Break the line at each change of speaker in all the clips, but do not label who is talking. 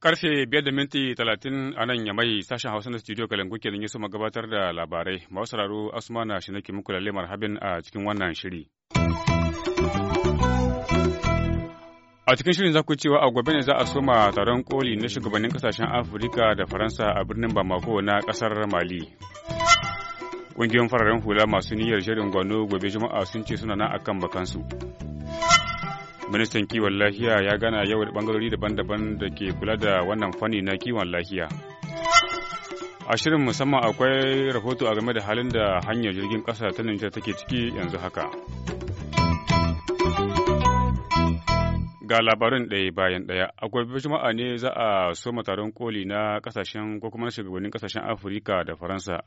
Karfe biyar da minti talatin a nan ya mai sashen Hausa na studio Kalangu ke ya suma gabatar da labarai. Masu sauraro na shi nake muku lalle marhabin a cikin wannan shiri. A cikin shirin za ku cewa a gobe ne za a soma taron koli na shugabannin kasashen Afirka da Faransa a birnin Bamako na kasar Mali. Ƙungiyoyin fararen hula masu niyyar shirin gwano gobe Juma'a sun ce suna na akan bakansu. Ministan kiwon lafiya ya gana yau da bangarori daban-daban da ke kula da wannan fanni na kiwon lafiya. A shirin musamman akwai rahoto a game da halin da hanyar jirgin ƙasa ta Nijar take ciki yanzu haka. Ga labarin ɗaya bayan ɗaya, a gobe Juma'a ne za a soma taron koli na kasashen ko kuma shugabannin kasashen Afirka da Faransa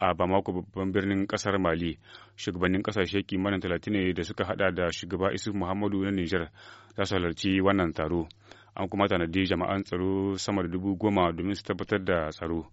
a Bamako babban birnin kasar Mali. Shugabannin kasashe kimanin talatin ne da suka hada da shugaba Isu Muhammadu na Nijar za su halarci wannan taro. An kuma tanadi jama'an tsaro sama da dubu goma domin su tabbatar da tsaro.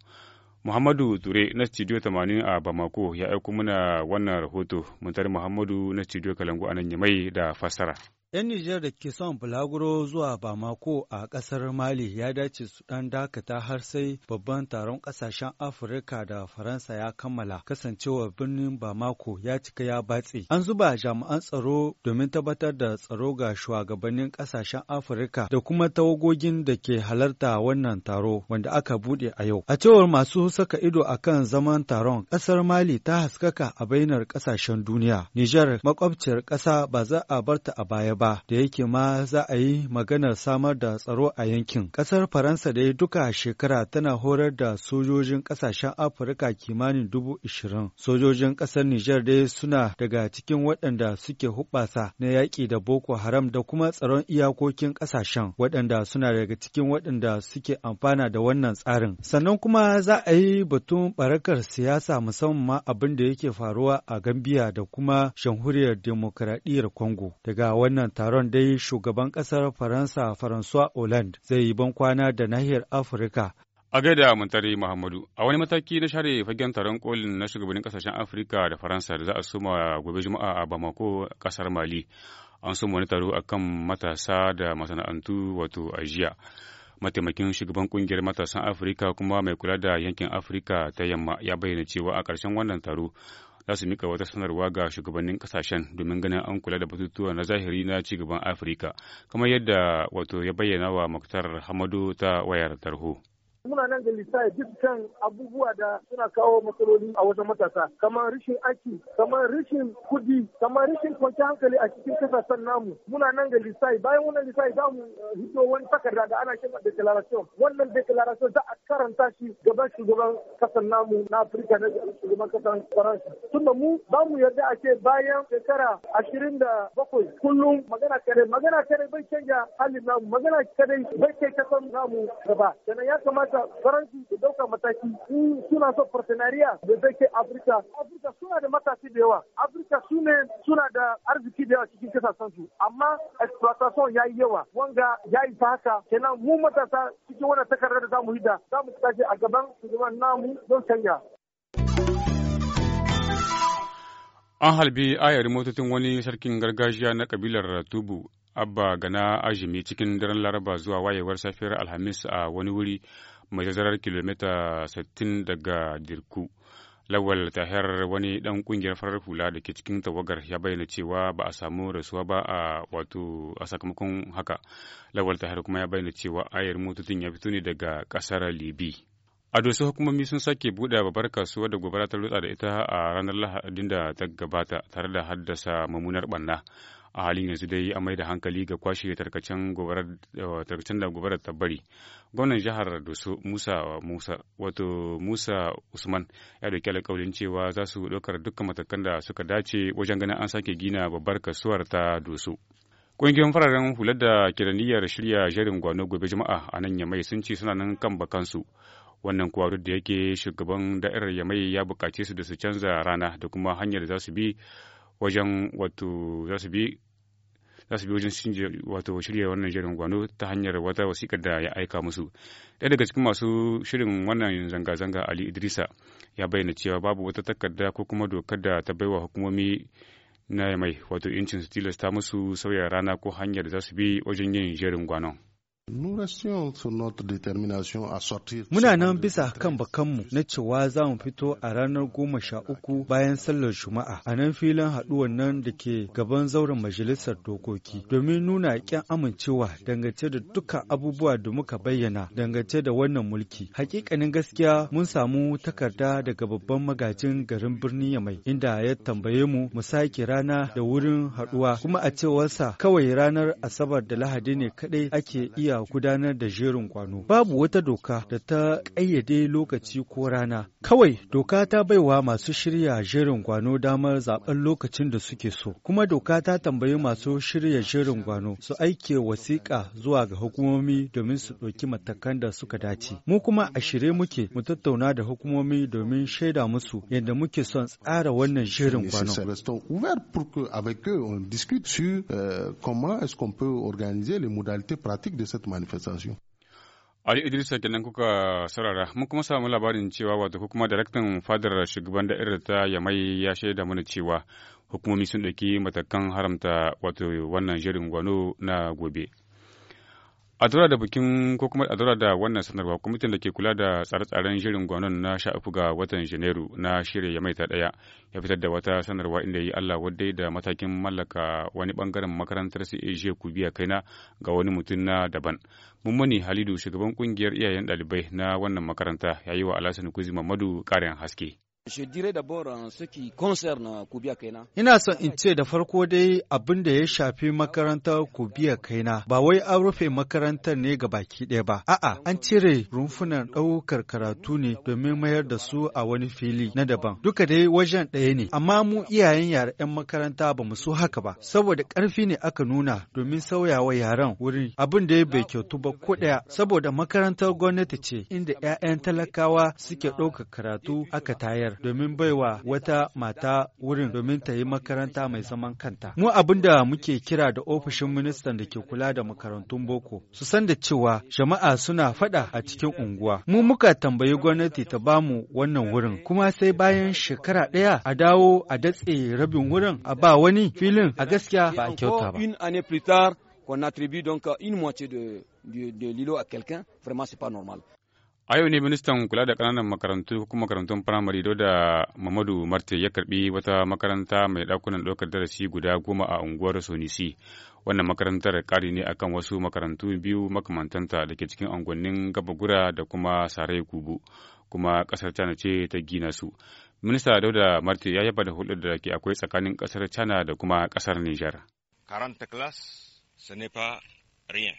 Muhammadu Ture na Studio tamanin a Bamako ya aiko mana wannan rahoto. mutar Muhammadu na Studio Kalangu a nan Yamai da fassara.
'Yan Nijar da ke son bulaguro zuwa Bamako a ƙasar Mali ya dace su ɗan dakata har sai babban taron ƙasashen Afirka da Faransa ya kammala kasancewa birnin Bamako ya cika ya batse. An zuba jami'an tsaro domin tabbatar da tsaro ga shugabannin ƙasashen Afirka da kuma tawagogin da ke halarta wannan taro wanda aka buɗe a yau. A cewar masu saka ido a kan zaman taron, ƙasar Mali ta haskaka a bainar ƙasashen duniya. Nijar makwabciyar ƙasa ba za a barta a baya ba. ba da yake ma za a yi maganar samar da tsaro a yankin ƙasar faransa da duka shekara tana horar da sojojin ƙasashen afirka kimanin dubu ishirin sojojin ƙasar nijar dai suna daga cikin waɗanda suke huɓasa na yaƙi da boko haram da kuma tsaron iyakokin ƙasashen waɗanda suna daga cikin waɗanda suke amfana da wannan tsarin sannan kuma za a yi batun barakar siyasa musamman ma abin da yake faruwa a Gambia da kuma jamhuriyar demokradiyyar Congo. Daga wannan taron dai shugaban ƙasar Faransa Faransuwa Hollande zai yi ban kwana da nahiyar Afirka.
A gaida Muntari Muhammadu, a wani mataki na share fagen taron kolin na shugabannin kasashen Afirka da Faransa da za a suma gobe Juma'a a Bamako, kasar Mali. An suma wani taro akan matasa da masana'antu wato ajiya. mataimakin shugaban kungiyar matasan afirka kuma mai kula da yankin afirka ta yamma ya bayyana cewa a ƙarshen wannan taro za su mika wata sanarwa ga shugabannin kasashen domin ganin an kula da batutuwa na zahiri na cigaban Afirka, kamar yadda wato ya bayyana wa Muktar Hamadu ta wayar tarho.
muna nan da lissafi dukkan abubuwa da suna kawo matsaloli a wajen matasa kamar rashin aiki kamar rashin kudi kamar rashin kwanciyar hankali a cikin kasashen namu muna nan da lissafi bayan wannan lissafi za mu hito wani takarda da ana kira declaration wannan declaration za a karanta shi gaban shugaban kasar namu na afirka na shugaban kasar faransa tunda mu ba mu yarda a ce bayan shekara ashirin da bakwai kullum magana kare magana kare bai canja halin namu magana kare bai kai kasar namu gaba sannan ya kamata bisa faranci da daukar mataki in suna so partenariya da zai kai afirka afirka suna da matashi da yawa afirka su ne suna da arziki da yawa cikin kasashen su amma exploitation ya yi yawa wanga ya yi ta haka kenan mu matasa cikin wannan takardar da zamu yi da zamu tashi a gaban shugaban namu don canja
An halbi ayar motocin wani sarkin gargajiya na kabilar Tubu, Abba Gana Ajimi cikin daren Laraba zuwa wayewar safiyar Alhamis a wani wuri mai tazarar kilomita 60 daga dirku lawal tahir wani dan kungiyar farar hula da ke cikin tawagar ya bayyana cewa ba a samu rasuwa ba a wato a sakamakon haka lawal tahir kuma ya bayyana cewa ayar motocin ya fito ne daga kasar libi a dosu hukumomi sun sake buɗe babbar kasuwar da gobara ta lutsa da ita a ranar lahadin da ta gabata tare da haddasa mummunar ɓanna a halin yanzu dai a mai da hankali ga kwashe eh, tarkacen da gobarar ta bari gwamnan jihar doso musa musa wato musa usman ya dauki alkaulin cewa za su ɗaukar dukkan matakan da suka dace wajen ganin an sake gina babbar kasuwar ta doso Ƙungiyoyin fararen hular da kiraniyar shirya jerin gwano gobe jama'a a nan Yamai sun ce suna nan kan bakansu. Wannan kuwa duk da yake shugaban da'irar Yamai ya bukace su da su canza rana da kuma hanyar da za su bi wajen wato za su bi za su bi wajen wato shirya wannan jerin gwano ta hanyar wata wasiƙar da ya aika musu ɗaya daga cikin masu shirin wannan zanga-zanga ali idrisa ya bayyana cewa babu wata takarda ko kuma dokar da ta baiwa hukumomi na mai wato incin su tilasta musu sauya rana ko hanyar da za su bi wajen yin jerin gwanon.
Muna nan bisa kan bakanmu na cewa za mu fito a ranar goma sha uku bayan sallar Juma'a a nan filin haɗuwan nan da ke gaban zauren majalisar dokoki domin nuna ƙyan amincewa dangance da duka abubuwa da muka bayyana dangance da wannan mulki. Hakikanin gaskiya mun samu takarda daga babban magajin garin birnin Yamai inda ya tambaye mu mu sake rana da wurin haɗuwa kuma a cewarsa kawai ranar Asabar da Lahadi ne kaɗai ake iya iya gudanar da jerin kwano. Babu wata doka da ta ƙayyade lokaci ko rana. Kawai doka ta baiwa masu shirya jerin kwano damar zaɓen lokacin da suke so. Kuma doka ta tambayi masu shirya jerin kwano su aike wasiƙa zuwa ga hukumomi domin su ɗauki matakan da suka dace. Mu kuma a shirye muke mu tattauna da hukumomi domin shaida musu yadda muke son tsara wannan jerin kwano. Euh, comment est-ce qu'on peut organiser les modalités pratiques de cette cette manifestation.
Ali Idrisa kenan kuka sarara mun kuma samu labarin cewa wato ko kuma daraktan fadar shugaban da'irar ta Yamai ya shaida mana cewa hukumomi sun ɗauki matakan haramta wato wannan shirin gwano na gobe. a tura da bikin ko kuma a tura da wannan sanarwa kwamitin da ke kula da tsare-tsaren shirin gwanon na sha ga watan janairu na shirya ya maita daya ya fitar da wata sanarwa inda yi allah wadai da matakin mallaka wani bangaren makarantar su biya kai kaina ga wani mutum na daban mummuni halidu shugaban kungiyar iyayen ɗalibai na wannan makaranta ya yi wa alhassan kuzi mamadu ƙarin haske
Je dirais d'abord en ce
Ina son in ce da
farko dai abin da ya shafi makarantar Kubiya Kaina ba wai an rufe makarantar ne ga baki ɗaya ba. A'a, an cire rumfunan ɗaukar karatu ne domin mayar da su a wani fili na daban. Duka dai wajen ɗaya ne, amma mu iyayen yaren 'yan makaranta ba mu so haka ba, saboda ƙarfi ne aka nuna domin sauyawa yaren wuri abin da bai kyautu ba ko ɗaya, saboda makarantar gwamnati ce inda 'ya'yan talakawa suke ɗaukar karatu aka tayar. Nijar domin baiwa wata mata wurin domin ta yi makaranta mai zaman kanta. Mu abin da muke kira da ofishin ministan da ke kula da makarantun boko su san da cewa jama'a suna fada a cikin unguwa. Mu muka tambayi gwamnati ta bamu wannan wurin kuma sai bayan shekara ɗaya a dawo a datse rabin wurin a ba wani filin a gaskiya ba a kyauta ba. qu'on attribue donc une moitié de, de, de
A yau ne ministan kula da ƙananan makarantu kuma makarantun firamare da Mamadu Marte ya karbi wata makaranta mai ɗakunan ɗaukar darasi guda goma a unguwar Sonisi. Wannan makarantar ƙari ne akan wasu makarantu biyu makamantanta da ke cikin unguwannin Gabagura da kuma Sarai Kubu, kuma kasar China ce ta gina su. Minista Dauda Marte ya yaba da hulɗar da ke akwai tsakanin ƙasar China da kuma kasar Nijar.
karanta class, ce n'est pas rien.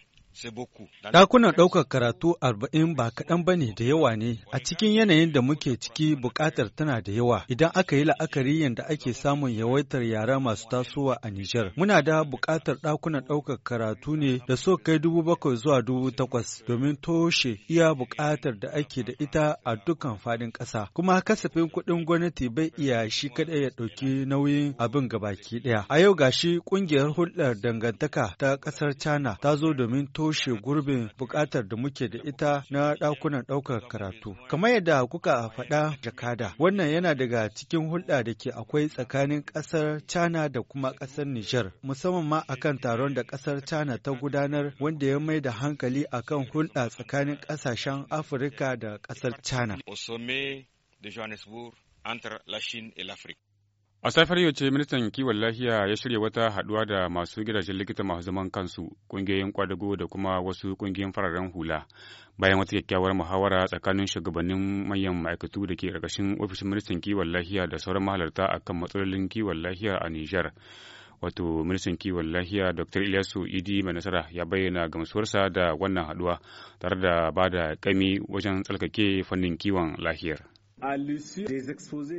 Ɗakunan
ɗaukar karatu arba'in ba kaɗan ba ne da yawa
ne, a cikin yanayin da muke ciki buƙatar tana da yawa idan aka yi la'akari yadda ake samun yawaitar yara masu tasowa a Nijar. Muna da buƙatar ɗakunan ɗaukar karatu ne da so kai dubu bakwai zuwa dubu takwas domin toshe iya buƙatar da ake da ita a dukkan faɗin ƙasa. Kuma kasafin kuɗin gwamnati bai iya shi kaɗai ya ɗauki nauyin abin gabaki ɗaya. A yau gashi ƙungiyar hulɗar dangantaka ta ƙasar China ta zo domin to toshe gurbin buƙatar da muke da ita na ɗakunan ɗaukar karatu. Kamar yadda kuka faɗa jakada, wannan yana daga cikin hulɗa da ke akwai tsakanin ƙasar China da kuma ƙasar Nijar, musamman ma akan taron da ƙasar China ta gudanar wanda ya mai da hankali akan hulɗa tsakanin ƙasashen Afirka da
ƙasar China.
entre la Chine et
A safiyar yau ce ministan kiwon lafiya ya shirya wata haduwa da masu gidajen likita masu zaman kansu, kungiyoyin kwadago da kuma wasu ƙungiyoyin fararen hula. Bayan wata kyakkyawar muhawara tsakanin shugabannin manyan ma'aikatu da ke ƙarƙashin ofishin ministan kiwon lafiya da sauran mahalarta a kan matsalolin kiwon lafiya a Nijar. wato ministan kiwon lafiya dr ilyasu idi mai nasara ya bayyana gamsuwarsa da wannan haduwa tare da ba da kami wajen tsarkake fannin kiwon lafiyar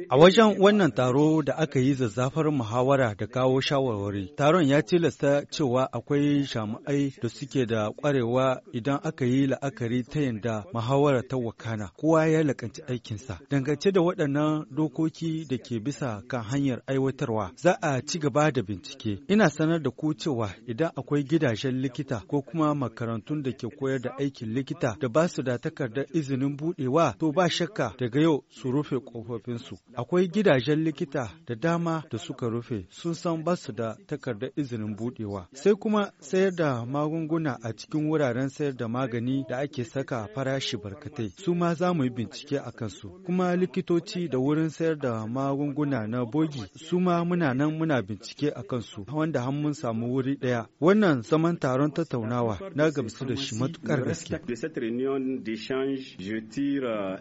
A wajen wannan taro da aka yi
zazzafar muhawara da kawo shawarwari, taron ya tilasta cewa akwai shamuai da suke da ƙwarewa idan aka yi la'akari ta yadda muhawara ta wakana, kowa ya lakanci aikinsa. Dangance da waɗannan dokoki da ke bisa kan hanyar aiwatarwa, za a ci gaba da bincike. Ina sanar da ku cewa idan akwai gidajen likita ko kuma makarantun da ke koyar da aikin likita da ba su da takardar izinin buɗewa, to ba shakka daga yau su rufe ƙofofinsu. Akwai gidajen likita da dama da suka rufe sun san basu da takardar izinin budewa. Sai kuma sayar da magunguna a cikin wuraren sayar da magani da ake saka farashi barkatai. Su ma za mu yi bincike a kansu. Kuma likitoci da wurin sayar da magunguna na bogi su ma muna nan muna bincike a kansu wanda har mun samu wuri ɗaya. Wannan zaman taron tattaunawa na gamsu da shi matuƙar gaske.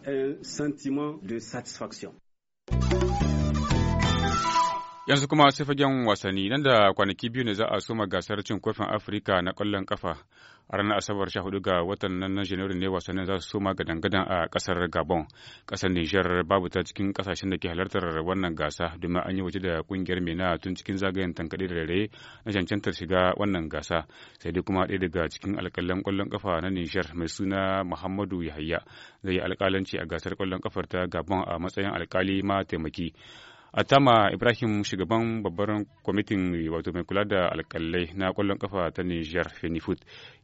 un sentiment de satisfaction.
Yanzu kuma sai fagen wasanni nan da kwanaki biyu ne za a soma gasar cin kofin Afirka na kwallon kafa A ranar Asabar 14 ga watan nan na Janairu ne wasannin za su soma gadan-gadan a kasar Gabon. kasar Nijar babu ta cikin ƙasashen da ke halartar wannan gasa domin an yi waje da ƙungiyar MENA tun cikin zagayen tankaɗe da rere na cancantar shiga wannan gasa. Sai dai kuma ɗaya daga cikin alƙalan kwallon kafa na Nijar mai suna Muhammadu Yahaya zai yi alƙalanci a gasar kwallon kafar ta Gabon a matsayin alƙali ma taimaki. Atama Ibrahim shugaban babbar kwamitin wato mai kula da alkalai na kwallon kafa ta Nijar Fenifut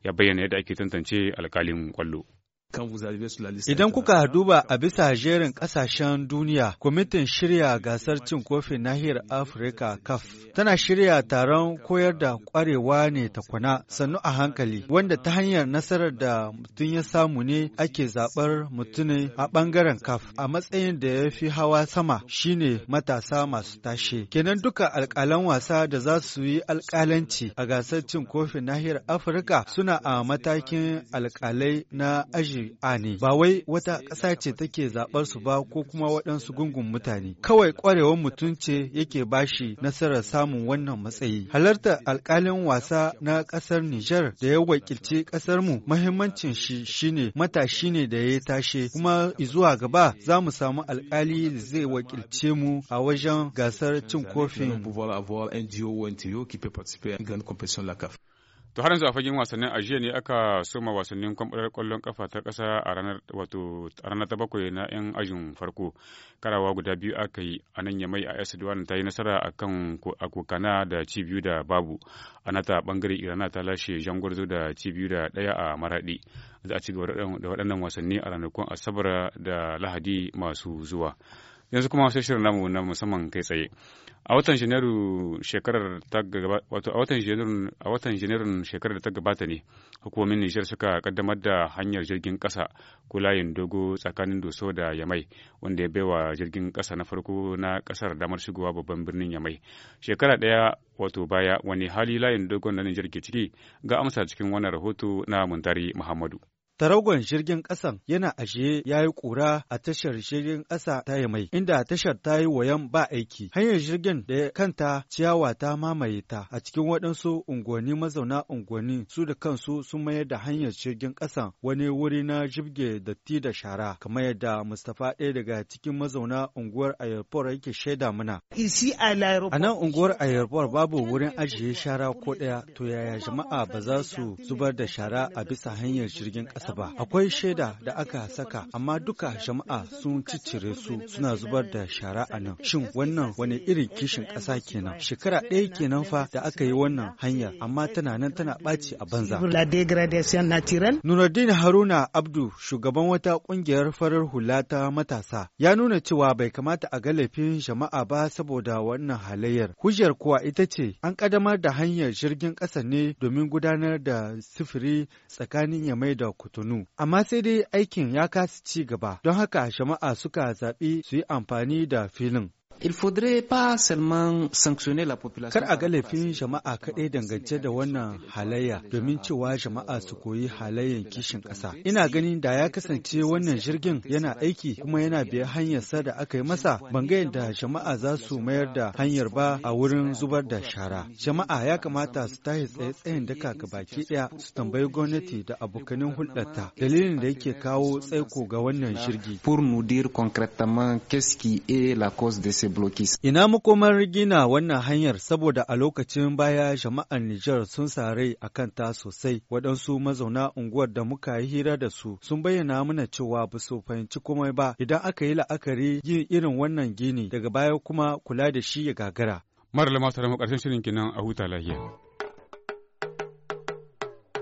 ya bayyana yadda ake tantance alkalin kwallo.
Idan kuka duba a bisa jerin ƙasashen duniya, kwamitin shirya gasar cin kofin nahiyar Afirka kaf. tana shirya taron koyar da ƙwarewa ne takwana sannu a hankali, wanda ta hanyar nasarar da mutum ya samu ne ake zaɓar mutumin a ɓangaren kaf. a matsayin da ya fi hawa sama shine matasa masu tashe. Kenan duka alƙalan wasa da za su yi alƙalanci a gasar cin kofin nahiyar Afirka suna a matakin alƙalai na aji shari'a ne, ba wai wata ƙasa ce take zaɓar su ba ko kuma waɗansu gungun mutane. Kawai ƙwarewar mutum ce yake bashi nasarar samun wannan matsayi. Halartar alƙalin wasa na ƙasar Nijar da ya wakilci ƙasar mu mahimmancin shi shine matashi ne da ya tashe kuma zuwa gaba za mu samu alƙali da zai wakilce mu a wajen gasar cin kofin.
To har yanzu a fagen wasannin ajiya ne aka soma wasannin kwamfutar kwallon kafa ta kasa a ranar wato a ranar ta bakwai na 'yan ajin farko. Karawa guda biyu aka yi a nan yamai a AS Duwan ta yi nasara a kan Akokana da cibiyu da babu. A nata bangare Irana ta lashe Jangwarzo da ci da ɗaya a Maraɗi. Za a ci gaba da waɗannan wasanni a ranakun Asabar da Lahadi masu zuwa. Yanzu kuma sai shirin namu na musamman kai tsaye. a watan janairu shekarar ta wato a watan janairu shekarar da ta gabata ne hukumomin Nijar suka kaddamar da hanyar jirgin kasa ko layin dogo tsakanin Doso da Yamai wanda ya baiwa jirgin kasa na farko na kasar damar shigowa babban birnin Yamai shekara daya wato baya wani hali layin dogon na Nijar ke ciki ga amsa cikin wannan rahoto na Muntari Muhammadu
Taragon jirgin ƙasan yana ashe ya yi ƙura a tashar jirgin ƙasa ta yi mai, inda tashar ta yi wayan ba aiki. Hanyar jirgin da kanta ciyawa ta mamaye ta a cikin waɗansu unguwanni mazauna unguwanni su da kansu sun mayar da hanyar jirgin ƙasan wani wuri na jibge datti da shara kamar yadda Mustapha ɗaya daga cikin mazauna unguwar Ayarpor yake shaida mana. A nan unguwar Ayarpor babu wurin ajiye shara ko ɗaya to yaya jama'a ba za su zubar da shara a bisa hanyar jirgin ƙasa ba akwai shaida da aka saka amma duka jama'a sun ciccire su suna zubar da shara a nan shin wannan wani irin kishin ƙasa kenan shekara ɗaya kenan fa da aka yi wannan hanya amma tana nan tana ɓaci a banza Nunardin Haruna Abdu shugaban wata ƙungiyar farar hula ta matasa ya nuna cewa bai kamata a ga laifin jama'a ba saboda wannan halayyar hujjar kuwa ita ce an ƙaddamar da hanyar jirgin ƙasa ne domin gudanar da sifiri tsakanin Yamai da Kutu Kotonu. Amma sai dai aikin ya kasa ci gaba, don haka jama'a suka zaɓi su yi amfani da filin. Il faudrait pas seulement sanctionner la population. Kar a ga laifin jama'a kaɗai dangance da wannan halayya domin cewa jama'a su koyi halayen kishin ƙasa. Ina ganin da ya kasance wannan jirgin yana aiki kuma yana biya hanyar sa da aka yi masa ban ga yadda jama'a za su mayar da hanyar ba a wurin zubar da shara. Jama'a ya kamata su tashi tsaye tsayin daka ga baki ɗaya su tambayi gwamnati da abokanin hulɗarta dalilin da yake kawo tsaiko ga wannan jirgi. Pour nous dire concrètement qu'est-ce qui est la cause de ce blockies. Ina makomar gina wannan hanyar saboda a lokacin baya jama'an Nijar sun sare a kanta sosai waɗansu mazauna unguwar da muka yi hira da su sun bayyana mana cewa ba su fahimci komai ba idan aka yi la'akari yin irin wannan gini daga baya kuma kula da shi ya gagara.
Mara lamasa da ƙarshen shirin kenan a huta lahiya.